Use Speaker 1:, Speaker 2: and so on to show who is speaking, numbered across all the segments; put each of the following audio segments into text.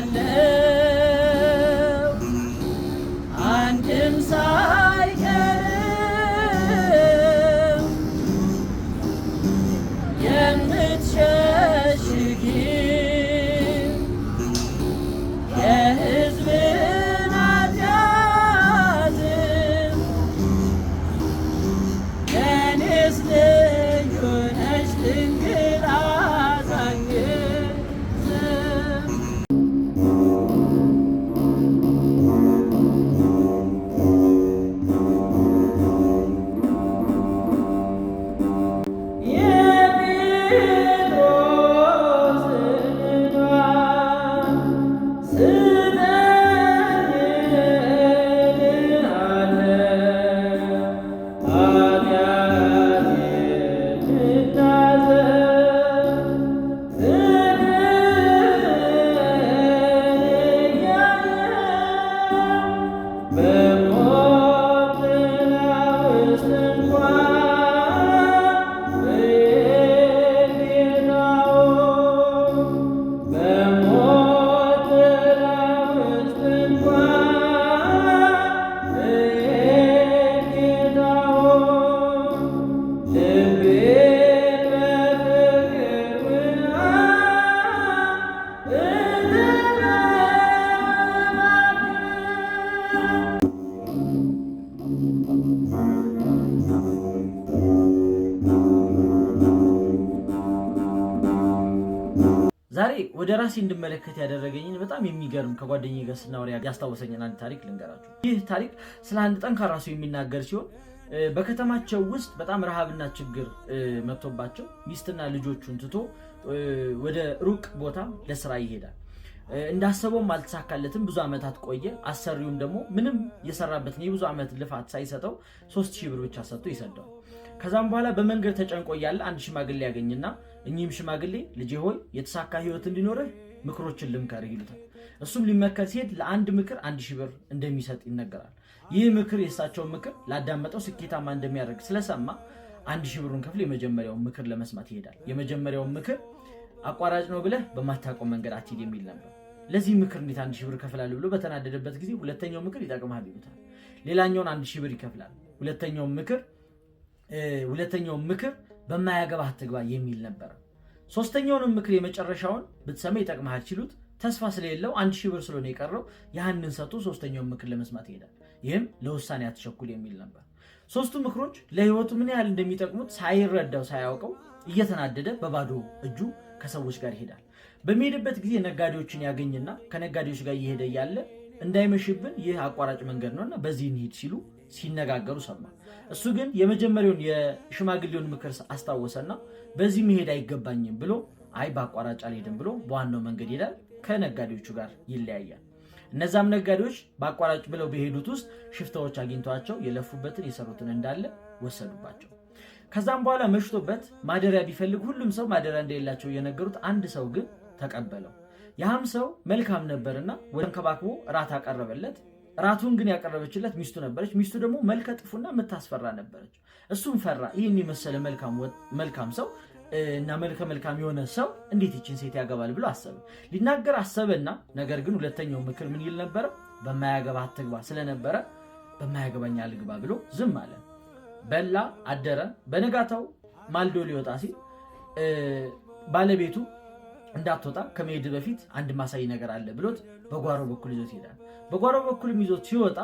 Speaker 1: አለ
Speaker 2: ወደ ራሴ እንድመለከት ያደረገኝን በጣም የሚገርም ከጓደኛ ጋር ስናወር ያስታወሰኝን አንድ ታሪክ ልንገራችሁ። ይህ ታሪክ ስለ አንድ ጠንካራ ሰው የሚናገር ሲሆን በከተማቸው ውስጥ በጣም ረሃብና ችግር መጥቶባቸው ሚስትና ልጆቹን ትቶ ወደ ሩቅ ቦታ ለስራ ይሄዳል። እንዳሰበውም አልተሳካለትም። ብዙ ዓመታት ቆየ። አሰሪውም ደግሞ ምንም የሰራበትን የብዙ ዓመት ልፋት ሳይሰጠው ሶስት ሺህ ብር ብቻ ሰጥቶ ይሰደው። ከዛም በኋላ በመንገድ ተጨንቆ እያለ አንድ ሽማግሌ ያገኝና እኚህም ሽማግሌ ልጄ ሆይ የተሳካ ህይወት እንዲኖርህ ምክሮችን ልምከር ይሉታል። እሱም ሊመከር ሲሄድ ለአንድ ምክር አንድ ሺህ ብር እንደሚሰጥ ይነገራል። ይህ ምክር የእሳቸውን ምክር ላዳመጠው ስኬታማ እንደሚያደርግ ስለሰማ አንድ ሺህ ብሩን ከፍሎ የመጀመሪያውን ምክር ለመስማት ይሄዳል። የመጀመሪያውን ምክር አቋራጭ ነው ብለህ በማታውቀው መንገድ አትሂድ የሚል ነበር። ለዚህ ምክር እንዴት አንድ ሺህ ብር ከፍላል ብሎ በተናደደበት ጊዜ ሁለተኛው ምክር ይጠቅማል ይሉታል። ሌላኛውን አንድ ሺህ ብር ይከፍላል። ሁለተኛው ምክር ሁለተኛው ምክር በማያገባህ አትግባ የሚል ነበር። ሶስተኛውንም ምክር የመጨረሻውን ብትሰማ ይጠቅምሃል ሲሉት ተስፋ ስለሌለው አንድ ሺህ ብር ስለሆነ የቀረው ያህንን ሰጥቶ ሶስተኛውን ምክር ለመስማት ይሄዳል። ይህም ለውሳኔ አትቸኩል የሚል ነበር። ሶስቱ ምክሮች ለህይወቱ ምን ያህል እንደሚጠቅሙት ሳይረዳው ሳያውቀው እየተናደደ በባዶ እጁ ከሰዎች ጋር ይሄዳል። በሚሄድበት ጊዜ ነጋዴዎችን ያገኝና ከነጋዴዎች ጋር እየሄደ እያለ እንዳይመሽብን ይህ አቋራጭ መንገድ ነውና በዚህ እንሂድ ሲሉ ሲነጋገሩ ሰማ። እሱ ግን የመጀመሪያውን የሽማግሌውን ምክር አስታወሰና በዚህ መሄድ አይገባኝም ብሎ አይ በአቋራጭ አልሄድም ብሎ በዋናው መንገድ ይሄዳል። ከነጋዴዎቹ ጋር ይለያያል። እነዛም ነጋዴዎች በአቋራጭ ብለው በሄዱት ውስጥ ሽፍታዎች አግኝተዋቸው የለፉበትን የሰሩትን እንዳለ ወሰዱባቸው። ከዛም በኋላ መሽቶበት ማደሪያ ቢፈልግ ሁሉም ሰው ማደሪያ እንደሌላቸው የነገሩት አንድ ሰው ግን ተቀበለው። ያህም ሰው መልካም ነበርና ወደ ተንከባክቦ እራት አቀረበለት። እራቱን ግን ያቀረበችለት ሚስቱ ነበረች። ሚስቱ ደግሞ መልከ ጥፉና የምታስፈራ ነበረች። እሱም ፈራ። ይህን የመሰለ መልካም ሰው እና መልከ መልካም የሆነ ሰው እንዴት ይችን ሴት ያገባል ብሎ አሰበ። ሊናገር አሰበና ነገር ግን ሁለተኛው ምክር ምን ይል ነበረ? በማያገባ አትግባ ስለነበረ በማያገባኝ አልግባ ብሎ ዝም አለ። በላ አደረ። በነጋታው ማልዶ ሊወጣ ሲል ባለቤቱ እንዳትወጣ ከመሄድ በፊት አንድ ማሳይ ነገር አለ ብሎት በጓሮ በኩል ይዞት ይሄዳል። በጓሮ በኩልም ይዞት ሲወጣ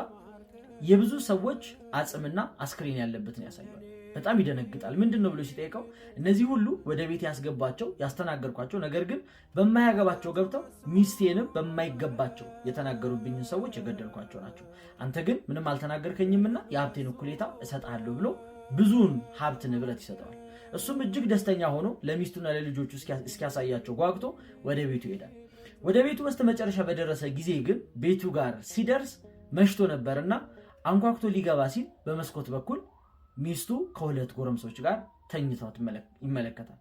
Speaker 2: የብዙ ሰዎች አጽምና አስክሬን ያለበትን ያሳያል። በጣም ይደነግጣል። ምንድን ነው ብሎ ሲጠይቀው እነዚህ ሁሉ ወደ ቤት ያስገባቸው ያስተናገርኳቸው፣ ነገር ግን በማያገባቸው ገብተው ሚስቴንም በማይገባቸው የተናገሩብኝን ሰዎች የገደልኳቸው ናቸው። አንተ ግን ምንም አልተናገርከኝምና የሀብቴን እኩሌታ እሰጥሃለሁ ብሎ ብዙውን ሀብት ንብረት ይሰጠዋል። እሱም እጅግ ደስተኛ ሆኖ ለሚስቱና ለልጆቹ እስኪያሳያቸው ጓጉቶ ወደ ቤቱ ይሄዳል። ወደ ቤቱ በስተመጨረሻ በደረሰ ጊዜ ግን ቤቱ ጋር ሲደርስ መሽቶ ነበርና አንኳኩቶ ሊገባ ሲል በመስኮት በኩል ሚስቱ ከሁለት ጎረምሶች ጋር ተኝተው ይመለከታል።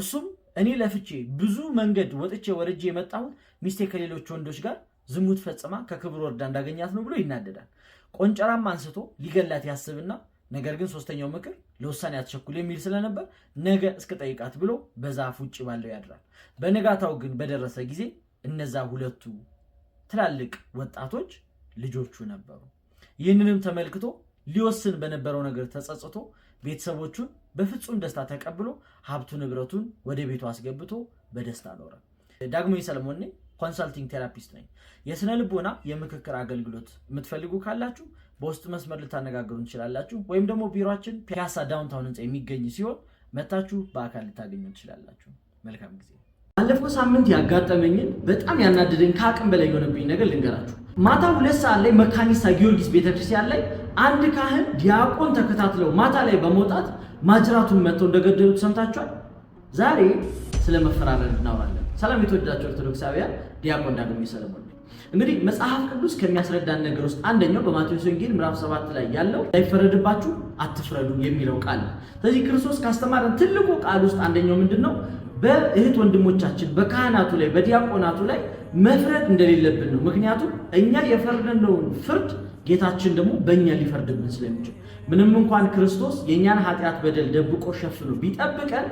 Speaker 2: እሱም እኔ ለፍቼ ብዙ መንገድ ወጥቼ ወርጄ የመጣሁት ሚስቴ ከሌሎች ወንዶች ጋር ዝሙት ፈጽማ ከክብር ወርዳ እንዳገኛት ነው ብሎ ይናደዳል። ቆንጨራም አንስቶ ሊገላት ያስብና ነገር ግን ሶስተኛው ምክር ለውሳኔ አትቸኩል የሚል ስለነበር ነገ እስከ ጠይቃት ብሎ በዛፍ ውጭ ባለው ያድራል። በነጋታው ግን በደረሰ ጊዜ እነዛ ሁለቱ ትላልቅ ወጣቶች ልጆቹ ነበሩ። ይህንንም ተመልክቶ ሊወስን በነበረው ነገር ተጸጽቶ ቤተሰቦቹን በፍጹም ደስታ ተቀብሎ ሀብቱ ንብረቱን ወደ ቤቱ አስገብቶ በደስታ ኖረ። ዳግማዊ ሰለሞን ነኝ፣ ኮንሳልቲንግ ቴራፒስት ነኝ። የስነ ልቦና የምክክር አገልግሎት የምትፈልጉ ካላችሁ በውስጥ መስመር ልታነጋግሩ እንችላላችሁ። ወይም ደግሞ ቢሮችን ፒያሳ ዳውንታውን ህንፃ የሚገኝ ሲሆን መታችሁ በአካል ልታገኙ ትችላላችሁ። መልካም ጊዜ። ባለፈው ሳምንት ያጋጠመኝን በጣም ያናደደኝ ከአቅም በላይ የሆነብኝ ነገር ልንገራችሁ። ማታ ሁለት ሰዓት ላይ መካኒሳ ጊዮርጊስ ቤተክርስቲያን ላይ አንድ ካህን ዲያቆን ተከታትለው ማታ ላይ በመውጣት ማጅራቱን መጥተው እንደገደሉት ሰምታችኋል። ዛሬ ስለ መፈራረድ እናወራለን። ሰላም የተወደዳቸው ኦርቶዶክሳውያን፣ ዲያቆን ዳግሜ ሰለሞን እንግዲህ መጽሐፍ ቅዱስ ከሚያስረዳን ነገር ውስጥ አንደኛው በማቴዎስ ወንጌል ምዕራፍ ሰባት ላይ ያለው ላይፈረድባችሁ አትፍረዱ የሚለው ቃል ነው። ስለዚህ ክርስቶስ ካስተማረን ትልቁ ቃል ውስጥ አንደኛው ምንድን ነው? በእህት ወንድሞቻችን በካህናቱ ላይ በዲያቆናቱ ላይ መፍረድ እንደሌለብን ነው። ምክንያቱም እኛ የፈረድነውን ፍርድ ጌታችን ደግሞ በእኛ ሊፈርድብን ስለሚችል ምንም እንኳን ክርስቶስ የእኛን ኃጢአት በደል ደብቆ ሸፍኖ ቢጠብቀን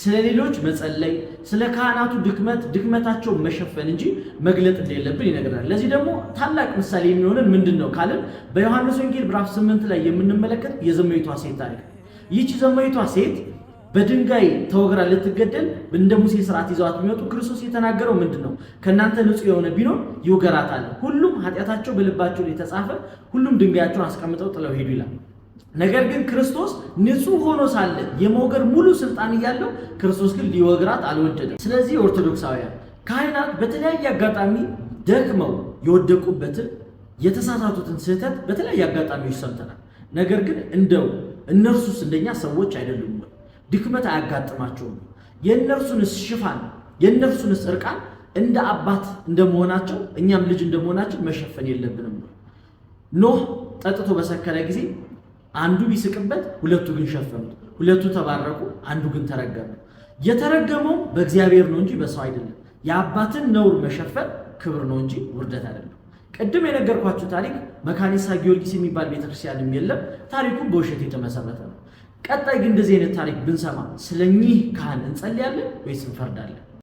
Speaker 2: ስለ ሌሎች መጸለይ፣ ስለ ካህናቱ ድክመት ድክመታቸው መሸፈን እንጂ መግለጥ እንደሌለብን ይነግረናል። ለዚህ ደግሞ ታላቅ ምሳሌ የሚሆንን ምንድን ነው ካልን በዮሐንስ ወንጌል ምዕራፍ ስምንት ላይ የምንመለከት የዘማዊቷ ሴት ታሪክ። ይህቺ ዘማዊቷ ሴት በድንጋይ ተወግራ ልትገደል እንደ ሙሴ ስርዓት ይዘዋት የሚወጡ ክርስቶስ የተናገረው ምንድን ነው? ከእናንተ ንጹሕ የሆነ ቢኖር ይውገራታል፣ ሁሉም ኃጢአታቸው በልባቸው የተጻፈ ሁሉም ድንጋያቸውን አስቀምጠው ጥለው ሄዱ ይላል። ነገር ግን ክርስቶስ ንጹህ ሆኖ ሳለ የመውገር ሙሉ ስልጣን እያለው ክርስቶስ ግን ሊወግራት አልወደደም። ስለዚህ ኦርቶዶክሳውያን ካህናት በተለያየ አጋጣሚ ደክመው የወደቁበትን የተሳሳቱትን ስህተት በተለያየ አጋጣሚዎች ሰምተናል። ነገር ግን እንደው እነርሱስ እንደኛ ሰዎች አይደሉም ወይ? ድክመት አያጋጥማቸውም? የእነርሱንስ ሽፋን የእነርሱንስ እርቃን እንደ አባት እንደመሆናቸው እኛም ልጅ እንደመሆናቸው መሸፈን የለብንም? ኖህ ጠጥቶ በሰከረ ጊዜ አንዱ ቢስቅበት ሁለቱ ግን ሸፈኑት። ሁለቱ ተባረኩ፣ አንዱ ግን ተረገመ። የተረገመው በእግዚአብሔር ነው እንጂ በሰው አይደለም። የአባትን ነውር መሸፈን ክብር ነው እንጂ ውርደት አይደለም። ቅድም የነገርኳችሁ ታሪክ መካኒሳ ጊዮርጊስ የሚባል ቤተክርስቲያንም የለም። ታሪኩም በውሸት የተመሰረተ ነው። ቀጣይ ግን እንደዚህ አይነት ታሪክ ብንሰማ ስለኚህ ካህን እንጸልያለን ወይስ እንፈርዳለን?